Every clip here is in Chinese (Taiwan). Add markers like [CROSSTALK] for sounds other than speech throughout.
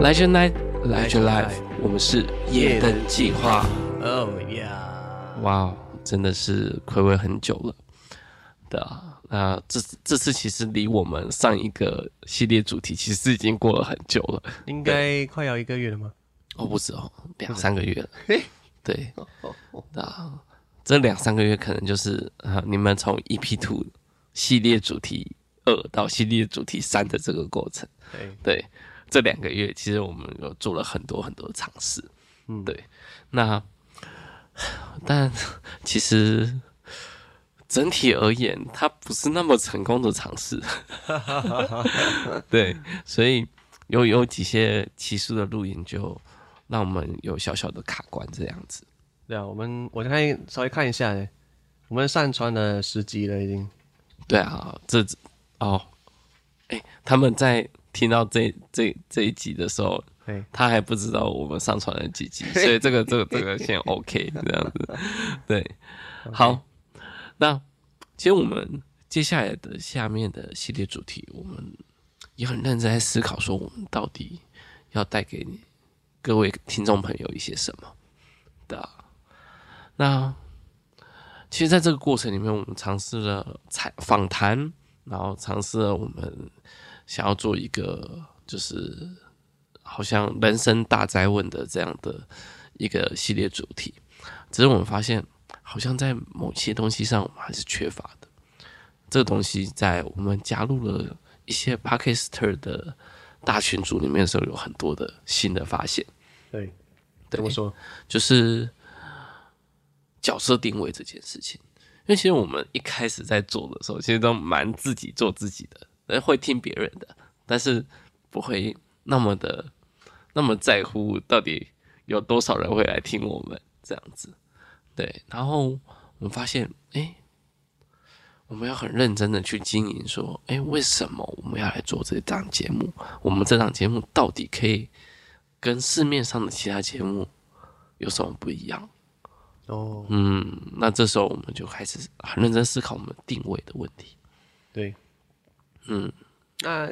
Light your night，light your life, your life. 我們是夜燈計劃。哦呀！哇哦，真的是睽違很久了。對啊，那這這次其實離我們上一個系列主題其實已經過了很久了。應該快要一個月了嗎？哦不止哦，兩三個月了。 [LAUGHS] 對，啊， [LAUGHS] 這兩三個月可能就是啊，你們從 EP2 系列主題二到系列主題三的這個過程。對。對。這兩個月，其實我們有做了很多很多嘗試，嗯，對。那但其實整體而言，它不是那麼成功的嘗試。 [LAUGHS] [LAUGHS] 對，所以有有幾些期數的錄音，就讓我們有小小的卡關這樣子。對啊，我們我先稍微看一下，我們上傳了十集了，已經。對啊，這哦，哎，他們在。聽到這這這一集的時候，對他還不知道我們上傳了幾集，所以這個這個這個先 OK [LAUGHS] 這樣子，對，好，Okay. 那其實我們接下來的下面的系列主題，我們也很認真在思考，說我們到底要帶給你各位聽眾朋友一些什麼的，對啊。那其實，在這個過程裡面，我們嘗試了採訪談，然後嘗試了我們。想要做一個就是好像人生大哉問的這樣的一個系列主題，只是我們發現好像在某些東西上我們還是缺乏的。這個、東西在我們加入了一些 Parkester 的大群組裡面的時候，有很多的新的發現。對，怎麼說？就是角色定位這件事情，因為其實我們一開始在做的時候，其實都蠻自己做自己的。會聽別人的，但是不會那麼的那麼在乎到底有多少人會來聽我們這樣子，對。然後我們發現，哎，我們要很認真的去經營，說，哎，為什麼我們要來做這檔節目？我們這檔節目到底可以跟市面上的其他節目有什麼不一樣？哦，oh. 嗯，那這時候我們就開始很認真思考我們定位的問題，對。嗯，那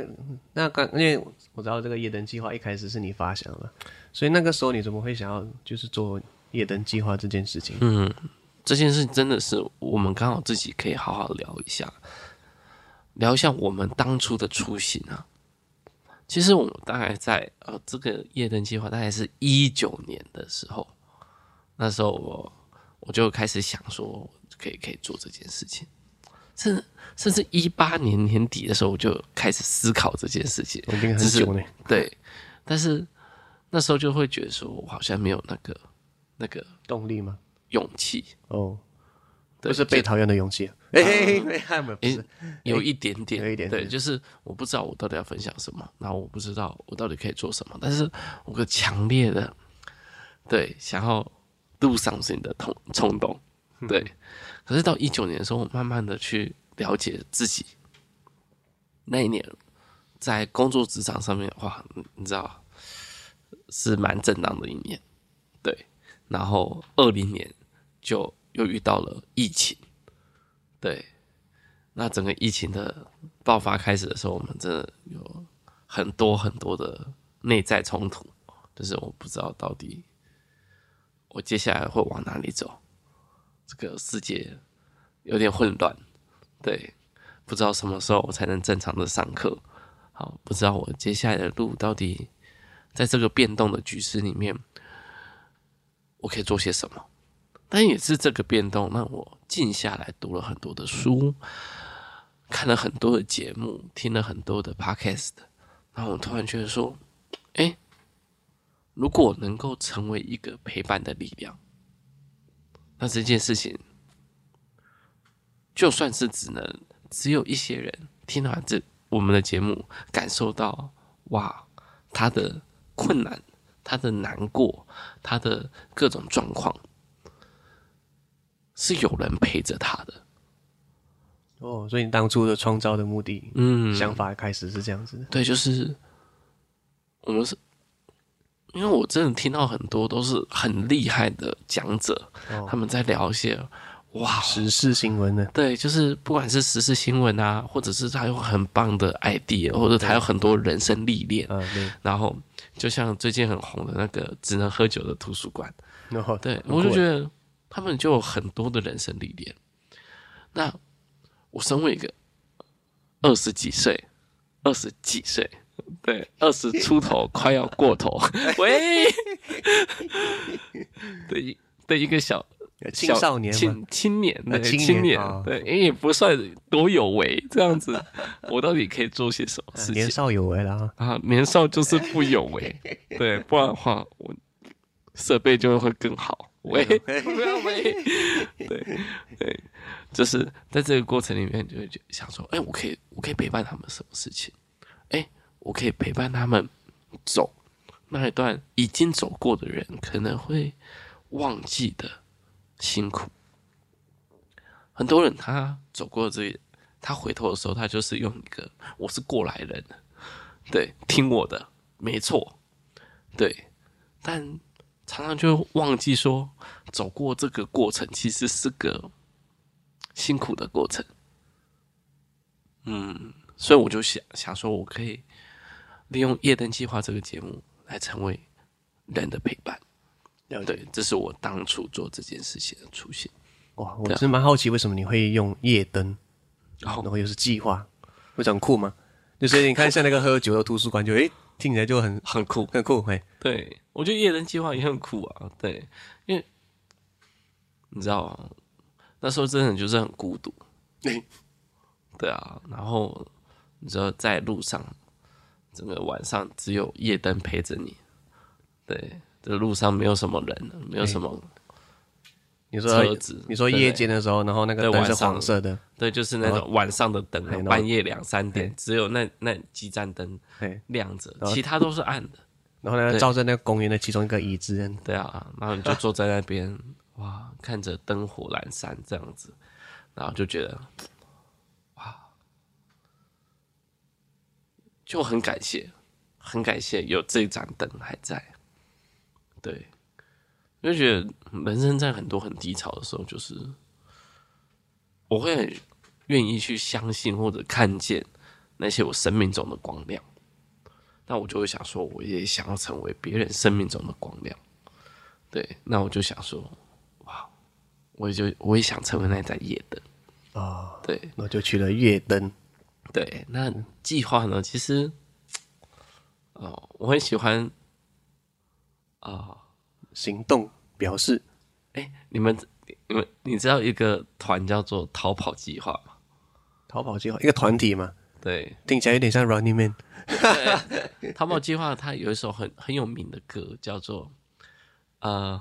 那剛，因為我知道這個夜燈計劃一開始是你發想的，所以那個時候你怎麼會想要就是做夜燈計劃這件事情？嗯，這件事真的是我們剛好自己可以好好聊一下，聊一下我們當初的初心啊。其實我們大概在呃這個夜燈計劃大概是一九年的時候，那時候我我就開始想說可以可以做這件事情。甚甚至一八年年底的時候，我就開始思考這件事情。已經很久呢。對，但是那時候就會覺得說，我好像沒有那個那個動力嗎？勇氣哦，就是被討厭的勇氣。哎，沒那麼不是有一點點，哎，有一點點。哎，對，就是我不知道我到底要分享什麼，然後我不知道我到底可以做什麼，但是我個強烈的對想要 do something 的衝衝動，對。嗯可是到一九年的時候，我慢慢的去了解自己。那一年，在工作職場上面，哇，你知道，是蠻正當的一年，對。然後二零年就又遇到了疫情，對。那整個疫情的爆發開始的時候，我們真的有很多很多的內在衝突，就是我不知道到底我接下來會往哪裡走。這個世界有點混亂，對，不知道什麼時候我才能正常的上課。好，不知道我接下來的路到底在這個變動的局勢裡面，我可以做些什麼？但也是這個變動讓我靜下來，讀了很多的書，看了很多的節目，聽了很多的 podcast。然後我突然覺得說，哎，如果我能夠成為一個陪伴的力量。那這件事情，就算是只能只有一些人聽到這我們的節目，感受到哇，他的困難、他的難過、他的各種狀況，是有人陪着他的。哦，所以你當初的創造的目的，嗯，想法開始是這樣子的，對，就是我們、就是。因為我真的聽到很多都是很厲害的講者，哦、他們在聊一些哇時事新聞呢，對，就是不管是時事新聞啊，或者是他有很棒的 idea，或者他有很多人生歷練，對然後就像最近很紅的那個只能喝酒的圖書館，後、哦、對，我就覺得他們就有很多的人生歷練。那我身為一個二十幾歲，二十幾歲。嗯二十幾歲對，二十出頭，快要過頭。 [LAUGHS] 喂，對，對一個小青少年小、青青年，那青年，對，也不算多有為，這樣子，我到底可以做些什麼事情？年少有為啦、啊，啊，年少就是不有為，對，不然的話，我設備就會更好。 [LAUGHS] 喂，不要喂，對對，就是在這個過程裡面，就會想說，哎、欸，我可以，我可以陪伴他們什麼事情？哎、欸。我可以陪伴他們走那一段已經走過的人可能會忘記的辛苦。很多人他走過這，他回頭的時候，他就是用一個“我是過來人”，對，聽我的，沒錯，對。但常常就忘記說，走過這個過程其實是個辛苦的過程。嗯，所以我就想想說，我可以。利用夜燈計劃這個節目來成為人的陪伴，解對，這是我當初做這件事情的初心。哇，我是蠻好奇為什麼你會用夜燈，啊、然後又是計劃，非常、哦、酷嗎？就是你看像那個喝酒的圖書館，就誒、 [LAUGHS] 欸、聽起來就很很酷，很酷，嘿、欸。對，我覺得夜燈計劃也很酷啊。對，因為你知道、啊，那時候真的就是很孤獨。對、欸，對啊。然後你知道在路上。整個晚上只有夜燈陪着你，對，這路上沒有什麼人，沒有什麼，你說車子，你說夜間的時候，然後那個燈是黃色的，對，就是那種晚上的燈，半夜兩三點，只有那那幾盞燈亮着，其他都是暗的，然後呢照在那個公園的其中一個椅子，對啊，然後你就坐在那邊，哇，看着燈火闌珊這樣子，然後就覺得。就很感謝，很感謝有這盞燈還在。對，我就覺得人生在很多很低潮的時候，就是我會願意去相信或者看見那些我生命中的光亮。那我就會想說，我也想要成為別人生命中的光亮。對，那我就想說，哇，我就我也想成為那盞夜燈啊。哦、對，我就取了夜燈。對，那計劃呢？其實，哦、呃，我很喜歡啊，呃、行動表示。哎、欸，你們，你們，你知道一個團叫做《逃跑計劃》嗎？逃跑計劃，一個團體嘛，對，聽起來有點像 Running Man。 [LAUGHS] 逃跑計劃，他有一首很很有名的歌，叫做呃，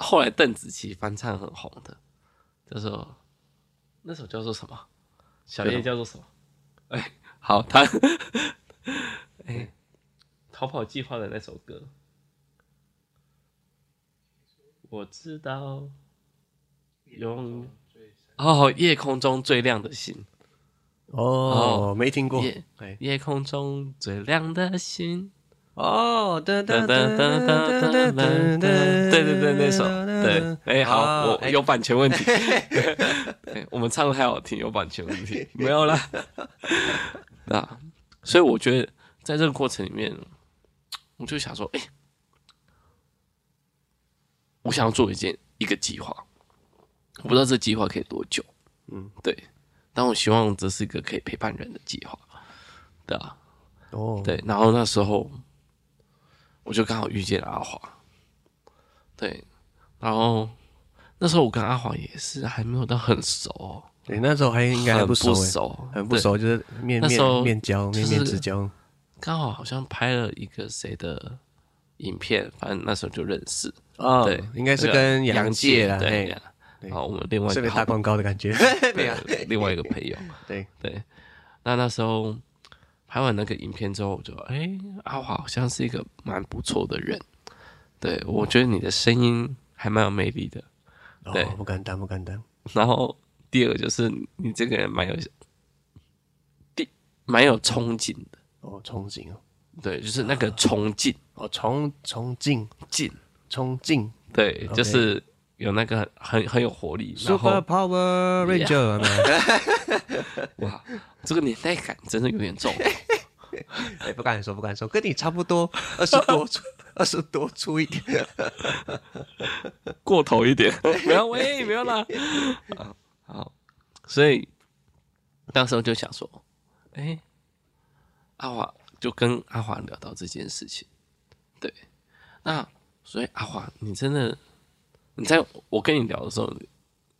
後來鄧紫棋翻唱很紅的，叫做那首叫做什麼？小葉叫做什麼？哎，好，他哎，逃跑計劃的那首歌，我知道，用哦，夜空中最亮的星，哦，沒聽過，夜夜空中最亮的星，哦，噠噠噠噠噠噠噠，對對對，那首。對，哎、欸，好，我有版權問題。欸、對，欸、 [LAUGHS] 我們唱的太好聽，有版權問題，沒有啦。 [LAUGHS] 啊，所以我覺得在這個過程裡面，我就想說，哎、欸，我想要做一件一個計劃，我不知道這計劃可以多久。嗯，對。但我希望這是一個可以陪伴人的計劃。對啊。哦。對，然後那時候我就剛好遇見了阿華。對。然後那時候我跟阿黃也是還沒有到很熟，對，那時候還應該還不熟，很不熟，就是面面面交面面之交。剛好好像拍了一個誰的影片，反正那時候就認識。哦，對，應該是跟楊介對好，我們另外一個打廣告的感覺，對呀，另外一個朋友，對對。那那時候拍完那個影片之後，我就哎，阿黃好像是一個蠻不錯的人，對我覺得你的聲音。還蠻有魅力的，哦、對，不敢當，不敢當。然後第二就是你這個人蠻有，第蠻有衝勁的，哦，衝勁哦，對，就是那個衝勁，哦，衝衝勁勁，衝勁，對，okay、就是有那個很很，很有活力。Super Power Ranger，yeah、哇，這個年代感真的有點重。不敢說，不敢說，跟你差不多二十多歲。二十多出一點，啊， [LAUGHS] 過頭一點 [LAUGHS] 沒有，不要喂，不要啦 [LAUGHS] 好。好，所以當時候就想說，哎、欸，阿華就跟阿華聊到這件事情。對，那所以阿華，你真的，你在我跟你聊的時候，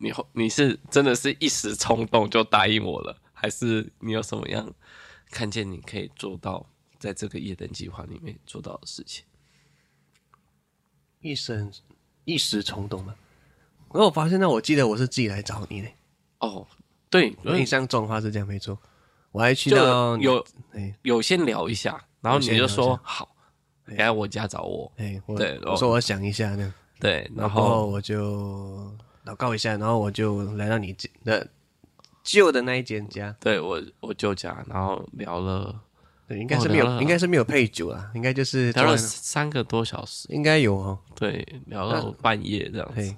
你你是真的是一時衝動就答應我了，還是你有什麼樣看見你可以做到，在這個夜燈計劃裡面做到的事情？一時一時衝動嘛，然後我發現那我記得我是自己來找你的哦，對，印象中話是這樣沒錯。我還去到有有先聊一下，然後你就說好，來我家找我。哎，對，我說我想一下呢。對，然後我就禱告一下，然後我就來到你的舊的那一間家。對，我我舊家，然後聊了。應該是沒有，哦、應該是沒有配酒啊，應該就是聊了三個多小時，應該有哦。對，聊到半夜這樣子。那，嘿，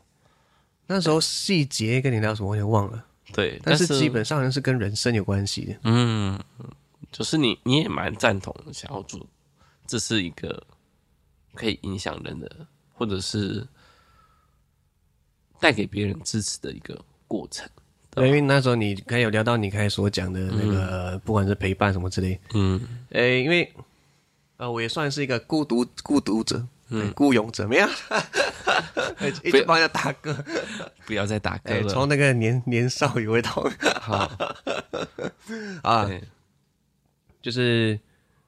那時候細節跟你聊什麼我有點忘了。對，但是基本上還是跟人生有關係的。嗯，就是你你也蠻贊同，想要做，這是一個可以影響人的，或者是帶給別人支持的一個過程。因為那時候你剛有聊到你開始所講的那個，嗯、不管是陪伴什麼之類，嗯，誒、欸，因為啊、呃，我也算是一個孤獨孤獨者，嗯，孤勇者，怎麼樣？ [LAUGHS] 一直幫人家打歌不，不要再打歌了。從、欸、那個年年少有為到，好啊，對就是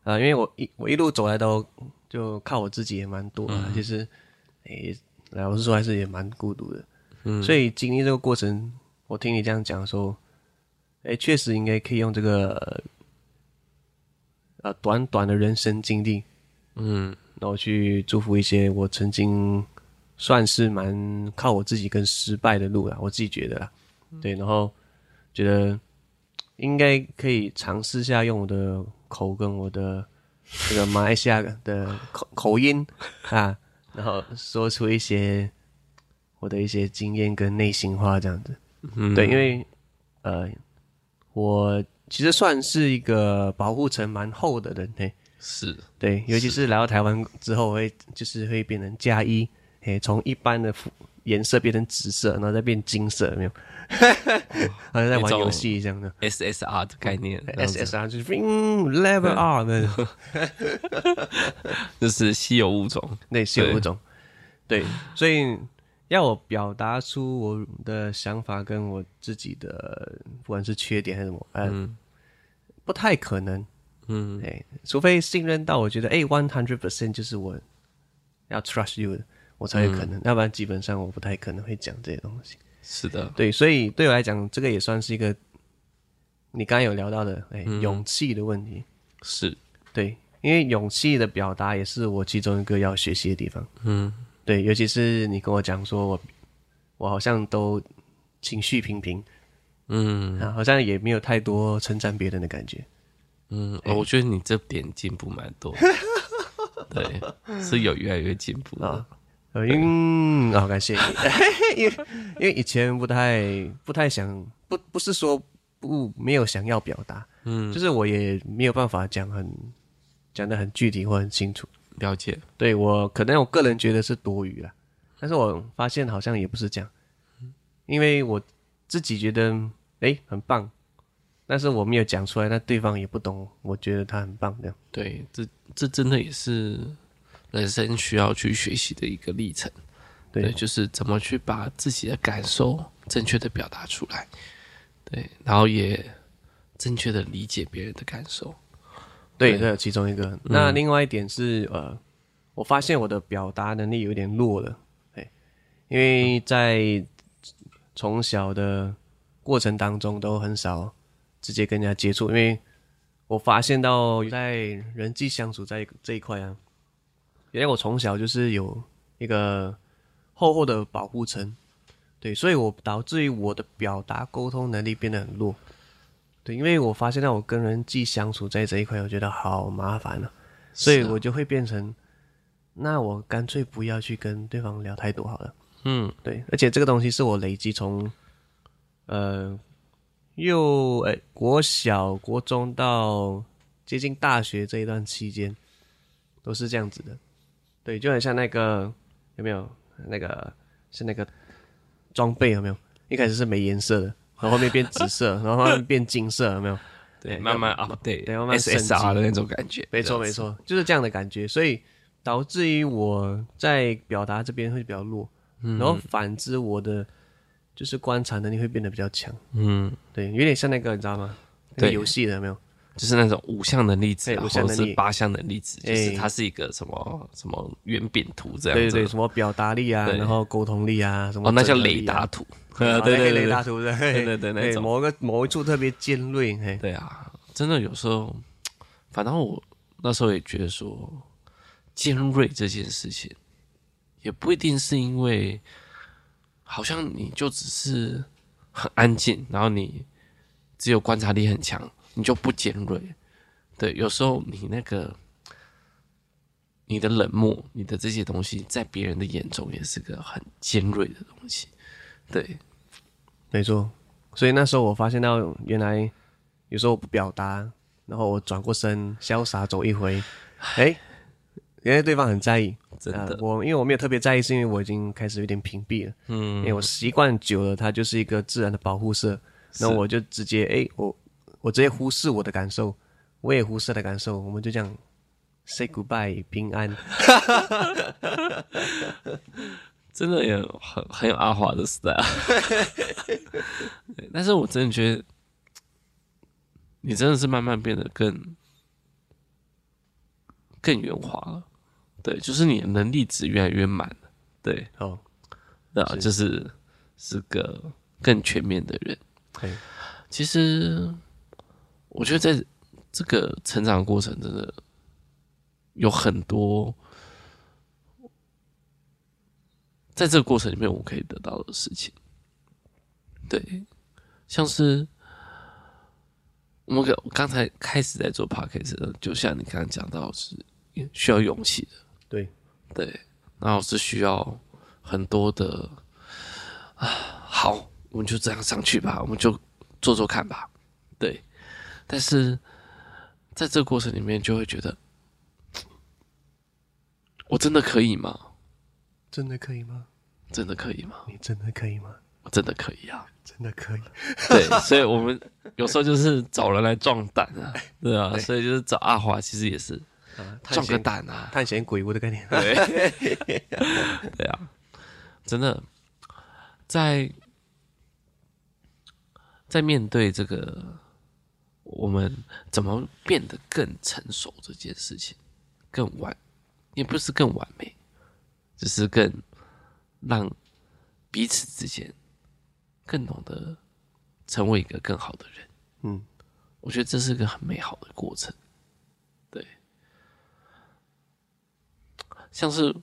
啊、呃，因為我，我一我一路走來都就靠我自己也蠻多啊其實誒，老實說還是也蠻孤獨的，嗯，所以經歷這個過程。我聽你這樣講說，哎，確實應該可以用這個，呃、短短的人生經歷，嗯，然後去祝福一些我曾經算是蠻靠我自己跟失敗的路了，我自己覺得啦，嗯、對，然後覺得應該可以嘗試一下用我的口跟我的這個馬來西亞的口 [LAUGHS] 口音啊，然後說出一些我的一些經驗跟內心話這樣子。嗯，對，因為，呃，我其實算是一個保護層蠻厚的人，嘿是，對，尤其是來到台灣之後會，會的就是會變成加一，誒，從一般的顏色變成紫色，然後再變金色，沒有？哈哈、哦，好像在玩遊戲這樣一樣的。SSR 的概念，SSR 就是 Ring Level R 那種，哈哈，就是稀有物種，對，稀有物種，對，對，所以。要我表達出我的想法跟我自己的，不管是缺點還是什麼，嗯，不太可能，嗯，哎、欸，除非信任到我覺得，哎，one hundred percent 就是我要 trust you 的，我才有可能，嗯、要不然基本上我不太可能會講這些東西。是的，對，所以對我來講，這個也算是一個你剛剛有聊到的，哎、欸，勇氣的問題。嗯、是，對，因為勇氣的表達也是我其中一個要學習的地方。嗯。對，尤其是你跟我講說我，我我好像都情緒平平，嗯、啊，好像也沒有太多稱讚別人的感覺，嗯，欸欸、我覺得你這點進步蠻多， [LAUGHS] 對，是有越來越進步的啊，嗯，好、啊，感謝你， [LAUGHS] 因為因為以前不太不太想，不不是說不沒有想要表達，嗯，就是我也沒有辦法講很講得很具體或很清楚。了解了，對，對我可能我個人覺得是多餘了，但是我發現好像也不是這樣，因為我自己覺得哎很棒，但是我沒有講出來，那對方也不懂，我覺得他很棒這樣。對，這這真的也是人生需要去學習的一個歷程，對，對，就是怎麼去把自己的感受正確的表達出來，對，然後也正確的理解別人的感受。對，對這是其中一個。嗯，那另外一點是，呃，我發現我的表達能力有點弱了，哎，因為在從小的過程當中都很少直接跟人家接觸，因為我發現到在人際相處在這一塊啊，原來我從小就是有一個厚厚的保護層，對，所以我導致於我的表達溝通能力變得很弱。對，因為我發現到我跟人際相處在這一塊，我覺得好麻煩了，啊，的所以我就會變成，那我乾脆不要去跟對方聊太多好了。嗯，對，而且這個東西是我累積從，呃，幼誒國小、國中到接近大學這一段期間，都是這樣子的。對，就很像那個有沒有那個是那個裝備有沒有？一開始是沒顏色的。然後後面變紫色， [LAUGHS] 然後後面變金色，有沒有？對，要慢慢 update，對，慢慢升級的那種感覺，沒錯是沒錯，就是這樣的感覺。所以導致於我在表達這邊會比較弱，嗯、然後反之我的就是觀察能力會變得比較強。嗯，對，有點像那個你知道嗎？那個遊戲的有對沒有。就是那種五項能力值，然後是八項能力值，欸、就是它是一個什麼什麼圓餅圖這樣子的，對，對對，什麼表達力啊，對然後溝通力啊，什麼、啊、哦，那叫雷達圖，對對對，雷達圖對對對，對某一個某一處特別尖銳，嘿對啊，真的有時候，反正我那時候也覺得說，尖銳這件事情，也不一定是因為，好像你就只是很安靜，然後你只有觀察力很強。嗯你就不尖銳，對，有時候你那個你的冷漠，你的這些東西，在別人的眼中也是個很尖銳的東西，對，沒錯。所以那時候我發現到，原來有時候我不表達，然後我轉過身瀟灑走一回，唉哎，原來對方很在意。真的、呃，我因為我沒有特別在意，是因為我已經開始有點屏蔽了。嗯，因為我習慣久了，它就是一個自然的保護色。那是我就直接哎，我。我直接忽視我的感受，我也忽視了感受，我們就這樣，say goodbye，平安， [LAUGHS] 真的有很很有阿華的 style， [LAUGHS] 但是我真的覺得，你真的是慢慢變得更更圓滑了，對，就是你的能力值越來越滿了，對，哦，那就是是個更全面的人，嘿其實。我覺得在這個成長過程，真的有很多在這個過程裡面我們可以得到的事情。對，像是我們剛才開始在做 Podcast 的，就像你剛剛講到是需要勇氣的，對對，然後是需要很多的啊。好，我們就這樣上去吧，我們就做做看吧，對。但是，在這個過程裡面，就會覺得，我真的可以嗎？真的可以嗎？真的可以嗎？你真的可以嗎？我真的可以啊！真的可以。 [LAUGHS] 對，所以，我們有時候就是找人來壯膽啊，對啊，對所以就是找阿華，其實也是壯個膽啊，探險、啊、鬼屋的概念。 [LAUGHS] 對， [LAUGHS] 對啊，真的，在在面對這個。我們怎麼變得更成熟這件事情，更完，也不是更完美，只是更讓彼此之間更懂得成為一個更好的人。嗯，我覺得這是一個很美好的過程。對，像是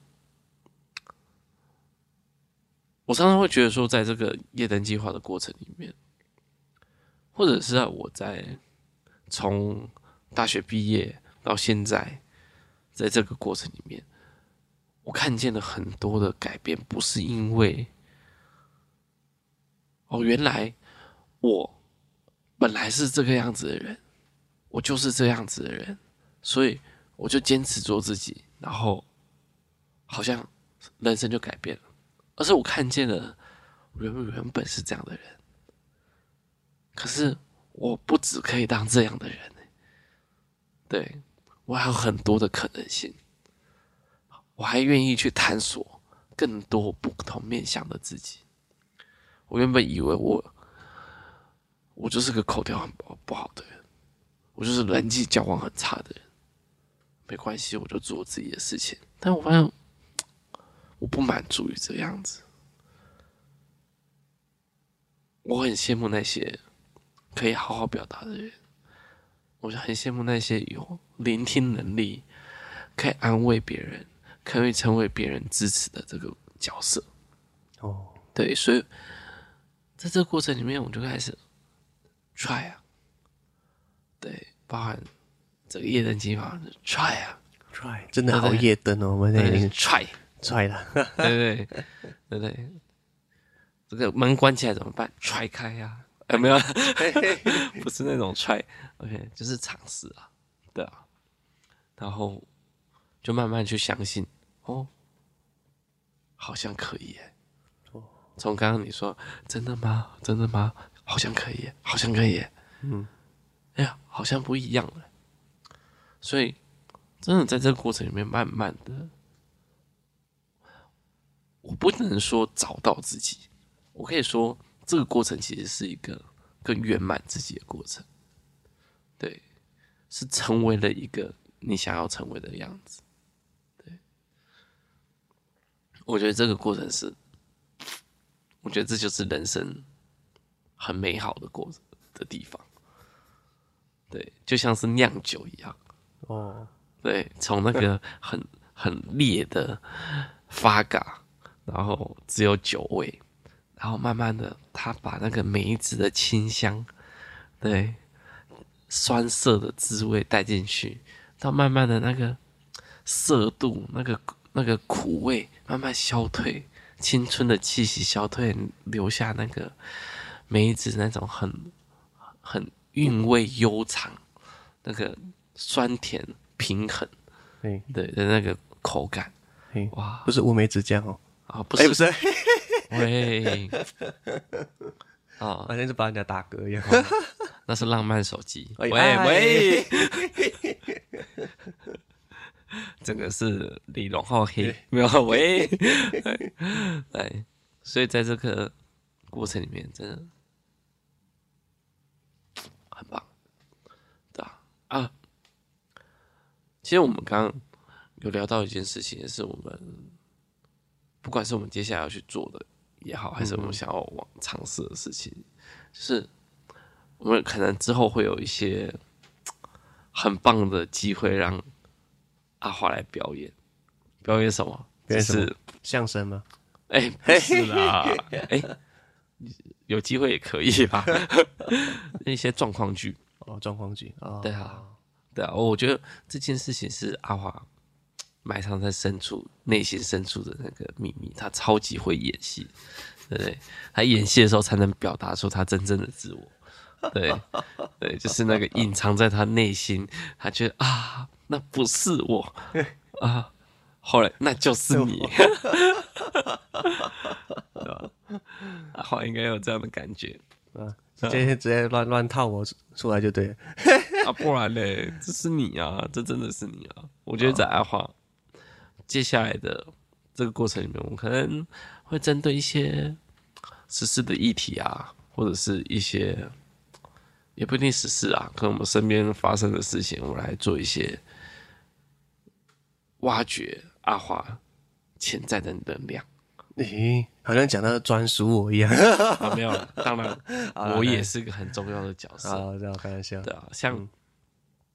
我常常會覺得說，在這個夜燈計劃的過程裡面，或者是在我在。從大學畢業到現在，在這個過程裡面，我看見了很多的改變。不是因為哦，原來我本來是這個樣子的人，我就是這樣子的人，所以我就堅持做自己，然後好像人生就改變了。而是我看見了，原原本是這樣的人，可是。我不只可以當這樣的人，對，我還有很多的可能性，我還願意去探索更多不同面向的自己。我原本以為我，我就是個口條很不不好的人，我就是人際交往很差的人，沒關係，我就做自己的事情。但我發現，我不滿足於這樣子，我很羨慕那些。可以好好表達的人，我就很羨慕那些有聆聽能力、可以安慰別人、可以成為別人支持的這個角色。哦，對，所以在這個過程裡面，我就開始 try 啊，對，包含這個夜燈計劃，try 啊，try，真的好夜燈哦，我們在裡面 try try 了，對不對？對不對，對？這個門關起來怎麼辦？踹開呀、啊！有、 [LAUGHS] 哎、沒有、啊， [LAUGHS] 不是那種 try，OK， [LAUGHS] okay, 就是嘗試啊，對啊，然後就慢慢去相信哦，好像可以耶，從剛剛你說真的嗎？真的嗎？好像可以耶，好像可以耶，嗯，哎呀，好像不一樣了，所以真的在這個過程裡面，慢慢的，我不能說找到自己，我可以說。這個過程其實是一個更圓滿自己的過程，對，是成為了一個你想要成為的樣子，對。我覺得這個過程是，我覺得這就是人生很美好的過程的地方，對，就像是釀酒一樣，哦哇，對，從那個很很烈的發嘎，然後只有酒味。然後慢慢的，他把那個梅子的清香，對，酸澀的滋味帶進去，到慢慢的那個澀度，那個那個苦味慢慢消退，青春的氣息消退，留下那個梅子那種很很韻味悠長，嗯、那個酸甜平衡，對嘿對的那個口感，嘿哇，不是烏梅子醬哦，啊，不是，哎，欸、不是。 [LAUGHS] 喂！哦，完全是幫人家打歌一樣，那是浪漫手機。喂喂，整個是李榮浩黑沒有？喂，來喂， [LAUGHS] 所以在這個過程裡面，真的很棒，對吧？啊，其實我們剛剛有聊到一件事情，是我們不管是我們接下來要去做的。也好，還是我們想要往嘗試、嗯、的事情，就是我們可能之後會有一些很棒的機會，讓阿華來表演。表演什麼？表演什麼就是相聲嗎？哎、欸，沒事啦，哎、 [LAUGHS] 欸，有機會也可以吧。 [LAUGHS] 一些狀況劇哦，狀況劇哦。對啊，哦、對啊，我覺得這件事情是阿華。埋藏在深處、內心深處的那個秘密，他超級會演戲，對不對？他演戲的時候才能表達出他真正的自我，對對，就是那個隱藏在他內心，他覺得啊，那不是我，啊，後來那就是你， [LAUGHS] [LAUGHS] 對吧？阿華應該有這樣的感覺，啊，今天直接亂亂套，我出來就對， [LAUGHS] 啊，不然呢？這是你啊，這真的是你啊， [LAUGHS] 我覺得在阿華。接下來的這個過程裡面，我們可能會針對一些時事的議題啊，或者是一些也不一定時事啊，可能我們身邊發生的事情，我來做一些挖掘阿華潛在的能量。咦、欸，好像講到專屬我一樣， [LAUGHS] 啊、沒有，當然我也是個很重要的角色。這樣開玩笑，對啊，像、嗯、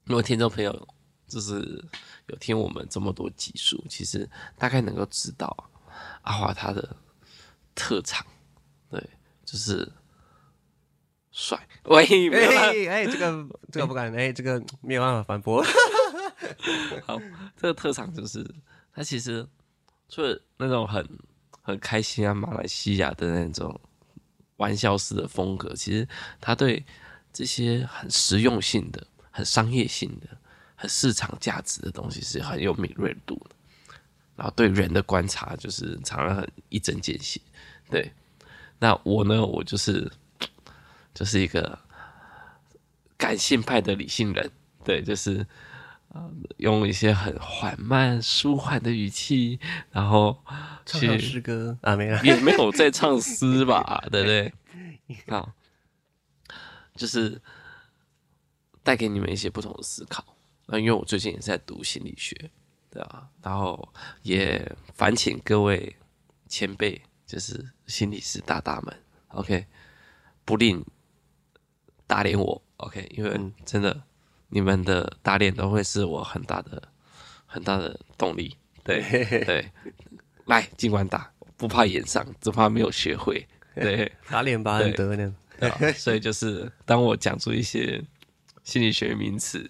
如果聽眾朋友。就是有聽我們這麼多集數，其實大概能夠知道、啊、阿華他的特長，對，就是帥。喂，哎、欸欸，這個這個不敢，哎、欸欸，這個沒有辦法反駁。好，這個特長就是他其實除了那種很很開心啊，馬來西亞的那種玩笑式的風格，其實他對這些很實用性的、很商業性的。市場價值的東西是很有敏銳度的，然後對人的觀察就是常常很一針見血。對，那我呢，我就是就是一個感性派的理性人。對，就是、呃、用一些很緩慢、舒緩的語氣，然後去唱詩歌啊，沒有，沒 [LAUGHS] 也沒有在唱詩吧？ [LAUGHS] 對不對，對？ [LAUGHS] 好，就是帶給你們一些不同的思考。那、啊、因為我最近也是在讀心理學，對啊，然後也煩請各位前輩，就是心理師大大們，OK，不吝打臉我，OK？因為真的，你們的打臉都會是我很大的、很大的動力。對對，來，儘管打，不怕顏傷，只怕沒有學會。對，打臉吧，對、啊、所以就是當我講出一些心理學名詞。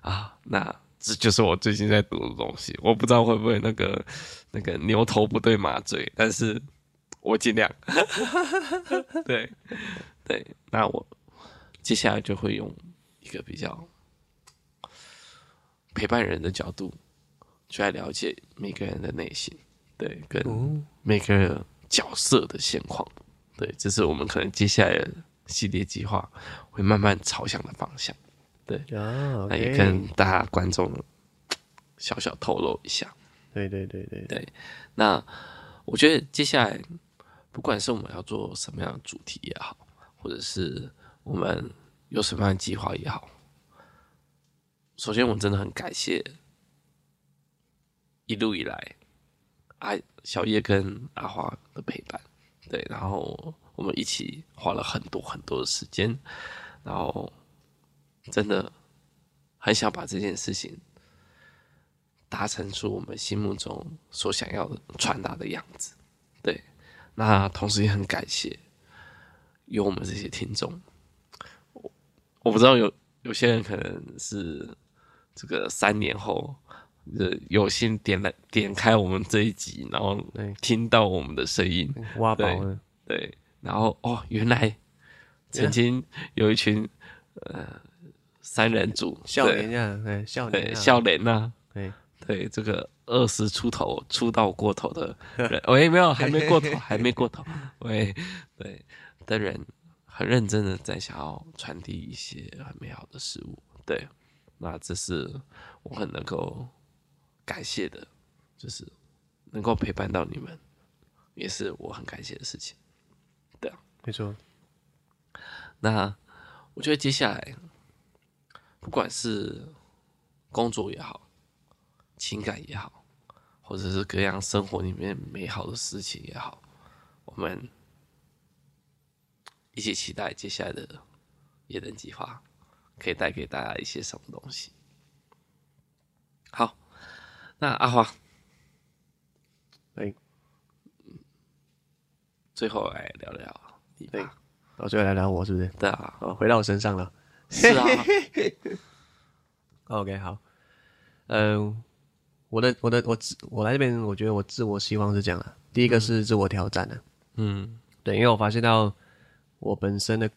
啊，那這就是我最近在讀的東西，我不知道會不會那個那個牛頭不對馬嘴，但是我盡量。 [LAUGHS] [LAUGHS] 對 [LAUGHS] 對，那我接下來就會用一個比較陪伴人的角度，去來了解每個人的內心，對，跟每個角色的現況，對，這是我們可能接下來的系列計劃會慢慢朝向的方向。對，oh, okay. 那也跟大家觀眾小小透露一下。對對對對對，那我覺得接下來，不管是我們要做什麼樣的主題也好，或者是我們有什麼樣的計劃也好，首先我真的很感謝一路以來阿小葉跟阿花的陪伴。對，然後我們一起花了很多很多的時間，然後。真的很想把這件事情達成出我們心目中所想要傳達的樣子。對，那同時也很感謝有我們這些聽眾。我不知道有有些人可能是這個三年後有幸點了點開我們這一集，然後聽到我們的聲音，對，挖寶了。對，對，然後哦，原來曾經有一群這樣。呃。三人組，笑臉，對，笑臉、啊，笑臉吶，對，對，這個二十出頭出道過頭的人，喂、 [LAUGHS] 哦，沒有，還沒過頭，還沒過頭，喂、 [LAUGHS] 哦，對，的人很認真的在想要傳遞一些很美好的事物，對，那這是我很能夠感謝的，就是能夠陪伴到你們，也是我很感謝的事情，對，沒錯，那我覺得接下來。不管是工作也好，情感也好，或者是各樣生活裡面美好的事情也好，我們一起期待接下來的夜燈計劃可以帶給大家一些什麼東西。好，那阿華。哎嘿，嗯，最後來聊聊你吧，然、哦、最後來聊我是不是？對啊、哦，回到我身上了。是啊 [LAUGHS] ，OK 好，嗯、呃，我的我的我自我來這邊，我覺得我自我希望是這樣的、啊。嗯、第一個是自我挑戰的、啊，嗯，對，因為我發現到我本身的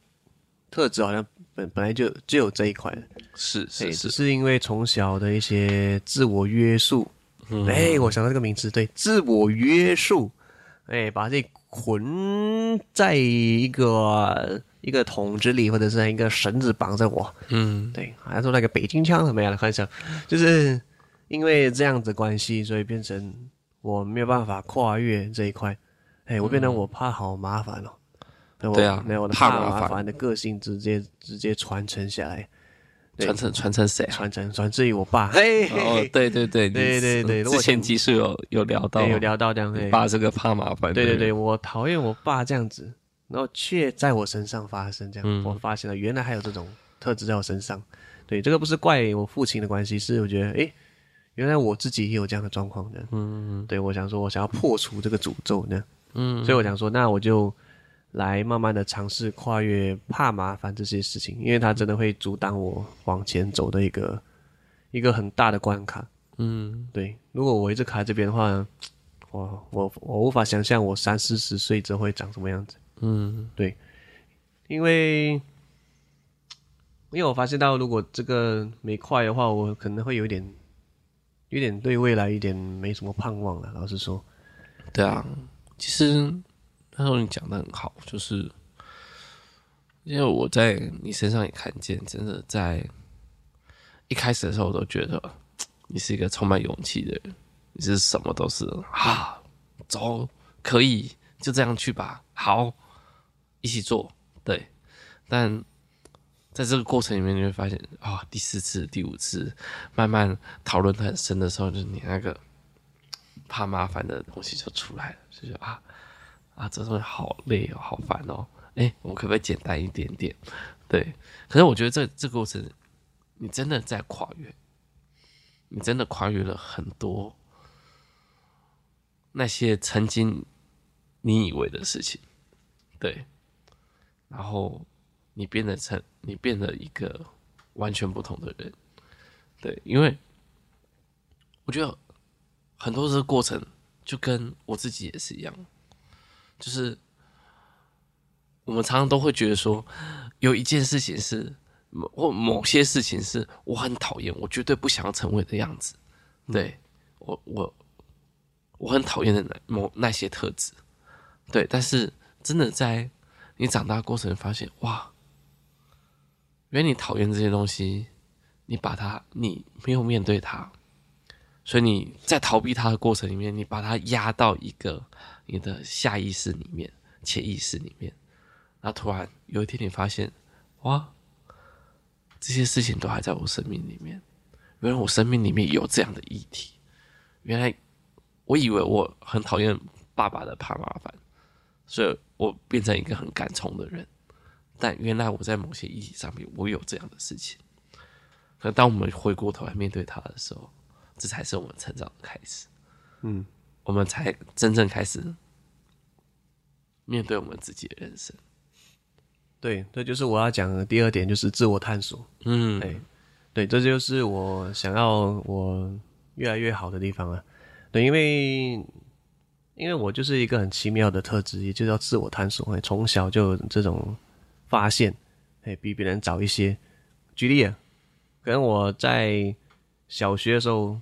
特質好像本本來就就有這一塊是是是、欸、是因為從小的一些自我約束。哎、嗯欸，我想到這個名詞，對，自我約束，哎、欸，把這。捆在一個一個桶子裡，或者是一個繩子綁着我。嗯，對，好像說那個北京腔什麼樣的好像，就是因為這樣子關係，所以變成我沒有辦法跨越這一塊。哎，我變成我怕，好麻煩哦，嗯、對啊，沒有怕麻煩的個性，直接直接傳承下來。傳承傳承誰啊？傳承傳至於我爸。哦，對對對，對對對，之前集數有有聊到，有聊到這樣，對爸這個怕麻煩。對對對，我討厭我爸這樣子，然後卻在我身上發生這樣，嗯、我發現了原來還有這種特質在我身上。對，這個不是怪我父親的關係，是我覺得，誒、欸、原來我自己也有這樣的狀況的。嗯，嗯。對，我想說，我想要破除這個詛咒呢。嗯，嗯。所以我想說，那我就。來慢慢的嘗試跨越怕麻煩這些事情，因為它真的會阻擋我往前走的一個一個很大的關卡。嗯，對。如果我一直卡在這邊的話，我我我無法想象我三四十歲之後會長什麼樣子。嗯，對。因為因為我發現到，如果這個沒跨越的話，我可能會有點有點對未來一點沒什麼盼望了。老實說，對啊，嗯、其實。他說：“但是你講的很好，就是因為我在你身上也看見，真的在一開始的時候，我都覺得你是一個充滿勇氣的人，你是什麼都是啊，走可以就這樣去吧，好，一起做對。但在這個過程裡面，你會發現啊、哦，第四次、第五次，慢慢討論很深的時候，就是你那個怕麻煩的東西就出來了，就說啊。”啊，這種好累哦，好煩哦！哎，我們可不可以簡單一點點？對，可是我覺得這這個過程，你真的在跨越，你真的跨越了很多那些曾經你以為的事情，對。然後你變得成，你變成一個完全不同的人，對，因為我覺得很多這個過程就跟我自己也是一樣。就是我們常常都會覺得說，有一件事情是或某，某些事情是我很討厭，我絕對不想要成為的樣子。對，我我我很討厭的那某那些特質。對，但是真的在你長大過程發現，哇，原來你討厭這些東西，你把它，你沒有面對它，所以你在逃避它的過程裡面，你把它壓到一個。你的下意識裡面、潛意識裡面，那突然有一天你發現，哇，這些事情都還在我生命裡面。原來我生命裡面有這樣的議題。原來我以為我很討厭爸爸的怕麻煩，所以我變成一個很敢衝的人。但原來我在某些議題上面，我有這樣的事情。可當我們回過頭來面對他的時候，這才是我們成長的開始。嗯。我們才真正開始面對我們自己的人生。對，這就是我要講的第二點，就是自我探索。嗯、欸，對，這就是我想要我越來越好的地方了、啊。對，因為因為我就是一個很奇妙的特質，也就叫自我探索。從、欸、小就有這種發現，哎、欸，比別人早一些。舉例、啊，可能我在小學的時候，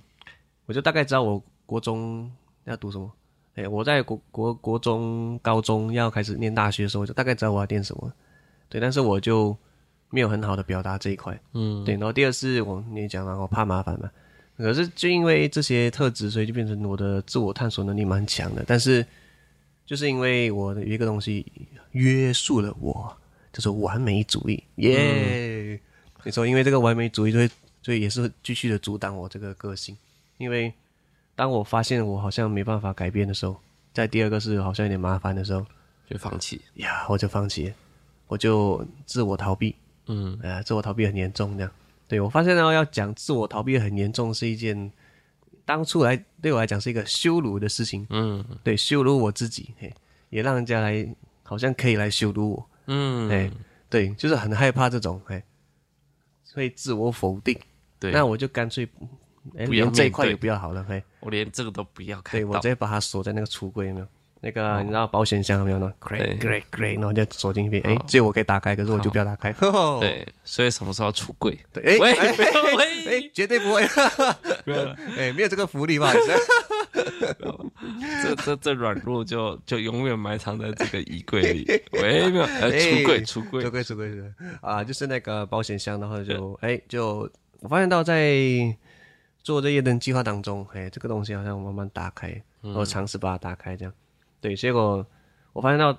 我就大概知道我國中。要讀什麼？哎，我在國國國中、高中要開始念大學的時候，就大概知道我要念什麼。對，但是我就沒有很好的表達這一塊。嗯，對。然後第二次我你也講了，我怕麻煩嘛。可是就因為這些特質，所以就變成我的自我探索能力蠻強的。但是就是因為我的一個東西約束了我，就是完美主義。耶、yeah! 嗯，你說，因為這個完美主義，所以所以也是繼續的阻擋我這個個性，因為。當我發現我好像沒辦法改變的時候，在第二個是好像有點麻煩的時候，就放棄、嗯、呀，我就放棄，我就自我逃避，嗯、呃，自我逃避很嚴重這樣。對，我發現要講自我逃避很嚴重是一件，當初來對我來講是一個羞辱的事情，嗯，對，羞辱我自己，嘿，也讓人家來好像可以來羞辱我，嗯，哎，對，就是很害怕這種，哎，所以自我否定，對，那我就乾脆。連這塊也不要好了，嘿！我連這個都不要開。對，我直接把它鎖在那個櫥櫃有沒有？那個你知道保險箱有沒有呢？Great，great，great，然後就鎖進去。哎，這我可以打開，可是我就不要打開。對，所以什麼時候要櫥櫃？對，哎，喂，哎，絕對不會，哎，沒有這個福利吧？這這這軟弱就就永遠埋藏在這個衣櫃裡。喂，沒有？哎，櫥櫃，櫥櫃，櫥櫃，櫥櫃，對啊，就是那個保險箱，然後就哎，就我發現到在。做這夜燈計劃當中，哎、欸，這個東西好像我慢慢打開，然後我嘗試把它打開，這樣，嗯、對，結果我，我發現到，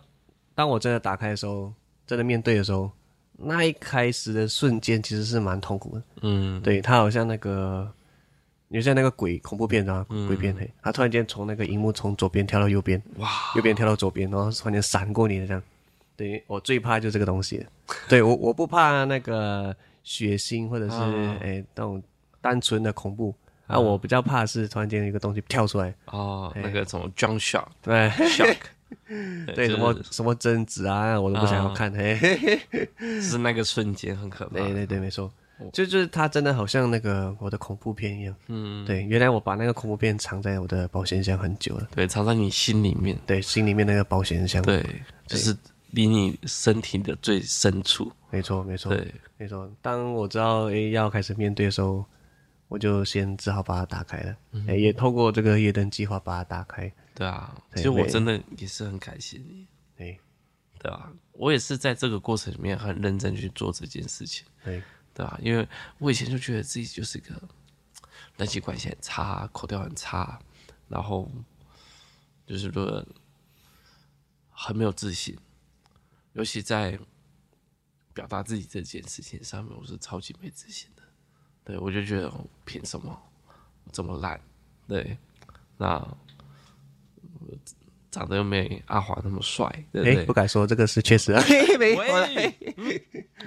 當我真的打開的時候，真的面對的時候，那一開始的瞬間其實是蠻痛苦的，嗯，對，他好像那個，你就像那個鬼恐怖片啊，嗯、鬼片，他突然間從那個熒幕從左邊跳到右邊，哇，右邊跳到左邊，然後突然間閃過你的這樣，對，我最怕就是這個東西， [LAUGHS] 對，我我不怕那個血腥或者是哎，那種。哦欸但我單純的恐怖啊，我比較怕是突然間一個東西跳出來哦，那個什麼 jump shock，對，shock，對什麼什麼貞子啊，我都不想要看，是那個瞬間很可怕。對對對，沒錯，就就是它真的好像那個我的恐怖片一樣。嗯，對，原來我把那個恐怖片藏在我的保險箱很久了，對，藏在你心裡面，對，心裡面那個保險箱，對，就是離你身體的最深處。沒錯沒錯，對，沒錯。當我知道誒要開始面對的時候。我就先只好把它打開了，嗯哼欸、也透過這個夜燈計劃把它打開。對啊，其實對我真的也是很感謝你，對，對啊，我也是在這個過程裡面很認真去做這件事情，對，對、啊、因為我以前就覺得自己就是一個人際關係很差，口條很差，然後就是說很沒有自信，尤其在表達自己這件事情上面，我是超級沒自信的。對，我就覺得憑什麼這麼爛？對，那長得又沒阿華那麼帥，對，不敢說這個是確實啊，沒，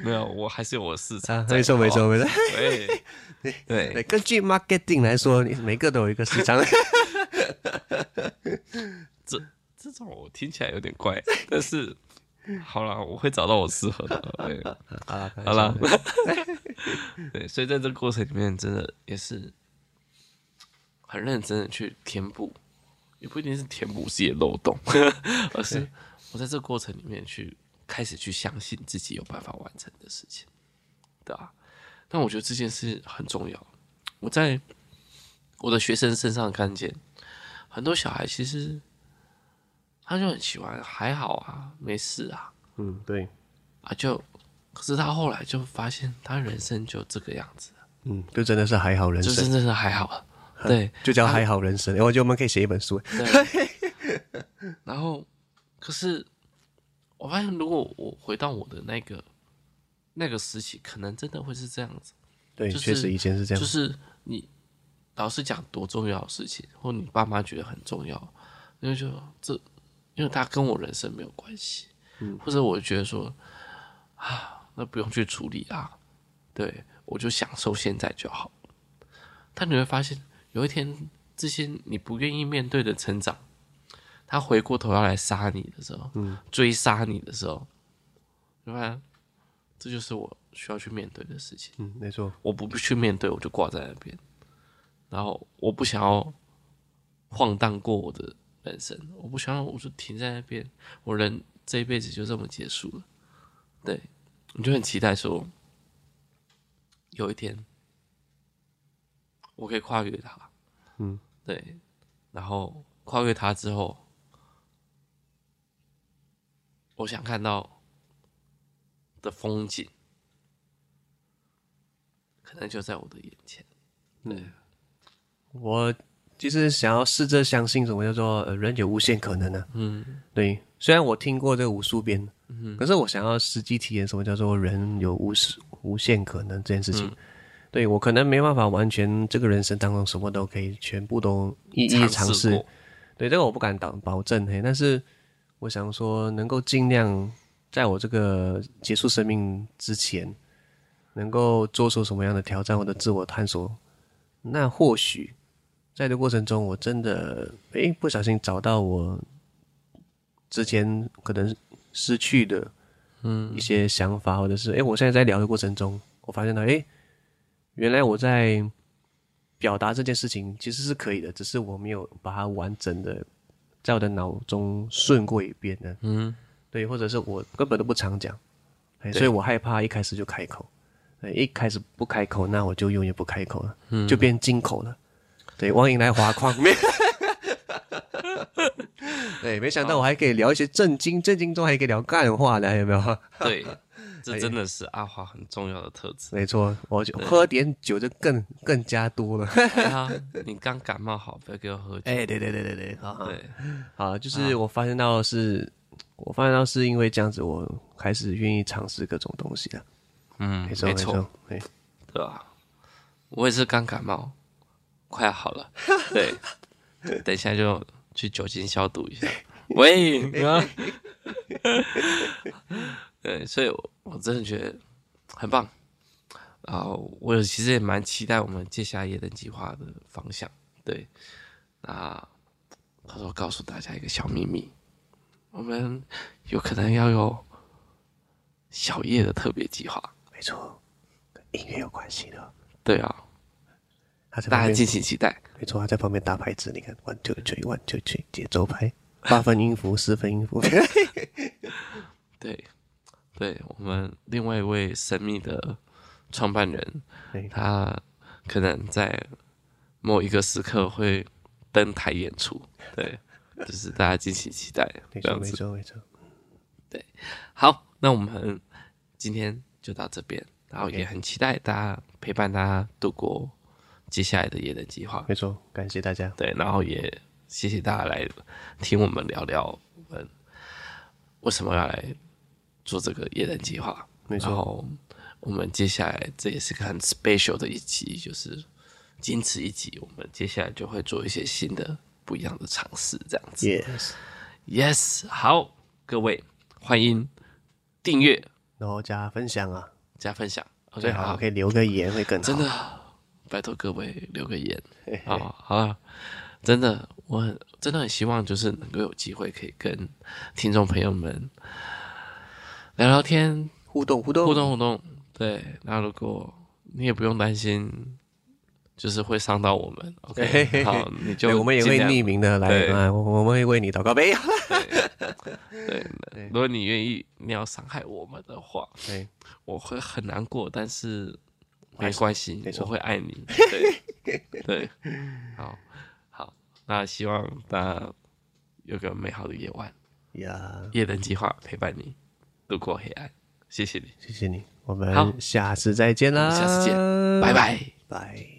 沒有，我還是有我的市場，沒錯，沒錯，沒錯，對，根據 marketing 來說，每個都有一個市場，這這種我聽起來有點怪，但是。好了，我會找到我適合的。 [LAUGHS] 對好了，好了啦。對，所以在這個過程裡面，真的也是很認真的去填補，也不一定是填補自己的漏洞，Okay. 而是我在這過程裡面去開始去相信自己有辦法完成的事情，對啊，但我覺得這件事很重要，我在我的學生身上看見很多小孩其實。他就很喜歡，還好啊，沒事啊。嗯，對，啊就，可是他後來就發現，他人生就這個樣子。嗯，就真的是還好人生，就真的是還好，對，就叫還好人生。啊、我覺得我們可以寫一本書。對 [LAUGHS] 然後，可是我發現，如果我回到我的那個那個時期，可能真的會是這樣子。對，就是、確實以前是這樣，就是你老師講多重要的事情，或你爸媽覺得很重要，因為就這。因為他跟我人生沒有關係，嗯、或者我覺得說啊，那不用去處理啊，對，我就享受現在就好。但你會發現，有一天這些你不願意面對的成長，他回過頭要來殺你的時候，嗯、追殺你的時候，對吧？這就是我需要去面對的事情。嗯，沒錯，我不去面對，我就掛在那邊，然後我不想要晃蕩過我的。本身我不想我就停在那邊，我人這一輩子就這麼結束了。對，我就很期待說，有一天我可以跨越它。嗯，對。然後跨越它之後，我想看到的風景，可能就在我的眼前。對，我。其實想要試着相信，什麼叫做“人有無限可能”呢？嗯，對。雖然我聽過這個無數遍，嗯、可是我想要實際體驗，什麼叫做“人有無無限可能”這件事情。嗯、對我可能沒辦法完全這個人生當中什麼都可以全部都一嘗試一嘗試。對，這個我不敢保保證，嘿。但是我想說，能夠盡量在我這個結束生命之前，能夠做出什麼樣的挑戰，我的自我探索，那或許。在這過程中，我真的哎、欸，不小心找到我之前可能失去的嗯一些想法，嗯、或者是哎、欸，我現在在聊的過程中，我發現到哎、欸，原來我在表達這件事情其實是可以的，只是我沒有把它完整的在我的腦中順過一遍呢。嗯，對，或者是我根本都不常講，欸、對所以我害怕一開始就開口，一開始不開口，那我就永遠不開口了，嗯、就變進口了。對，歡迎來劃框面。對，沒想到我還可以聊一些正經，正經中還可以聊幹話的，有沒有？對，這真的是阿華很重要的特質。哎、沒錯，我就喝點酒就更更加多了。啊、哎，你剛感冒好，不要給我喝酒。哎，對對對對、啊、對，對，好，就是我發現到是，啊、我發現到是因為這樣子，我開始願意嘗試各種東西了。嗯，沒錯沒錯，對吧、啊？我也是剛感冒。快好了，對，等一下就去酒精消毒一下。 [LAUGHS] 喂，你 [LAUGHS] 對，所以我，我我真的覺得很棒。然後，我其實也蠻期待我們接下來夜燈計劃的方向。對，那偷偷告訴大家一個小秘密，我們有可能要有小夜的特別計劃。沒錯，跟音樂有關係的。對啊。他大家敬請期待，沒錯，還在旁邊打拍子。你看，one two three，one two three，節奏拍八分音符， [LAUGHS] 四分音符。 [LAUGHS] 對，對，我們另外一位神秘的創辦人，對他可能在某一個時刻會登臺演出。對，就是大家敬請期待。對沒錯，沒錯，沒錯。對，好，那我們今天就到這邊，然後也很期待大家陪伴大家度過接下來的野人計劃，沒錯，感謝大家。對，然後也謝謝大家來聽我們聊聊，嗯，為什麼要來做這個野人計劃？沒錯。然後我們接下來這也是個很 special 的一集，就是僅此一集。我們接下來就會做一些新的、不一樣的嘗試，這樣子。Yes，Yes，yes 好，各位歡迎訂閱，然後加分享啊，加分享，k、okay，好可以留個言會更好，真的。拜託各位留個言，嘿嘿、哦、好好、啊、真的，我很真的很希望，就是能夠有機會可以跟聽眾朋友們聊聊天，互動互動互動互動。對，那如果你也不用擔心，就是會傷到我們。Okay? 嘿嘿嘿好，你就、欸、我們也會匿名的來、啊，對我們會為你禱告唄， [LAUGHS] 對。對，對，如果你願意，你要傷害我們的話，對，我會很難過，但是。沒關係，我錯會愛你。 [LAUGHS] 對，對，好，好，那希望大家有個美好的夜晚。呀，Yeah. 夜燈計劃陪伴你度過黑暗，謝謝你，謝謝你。我們下次再見啦，下次見，拜拜，拜,拜。拜拜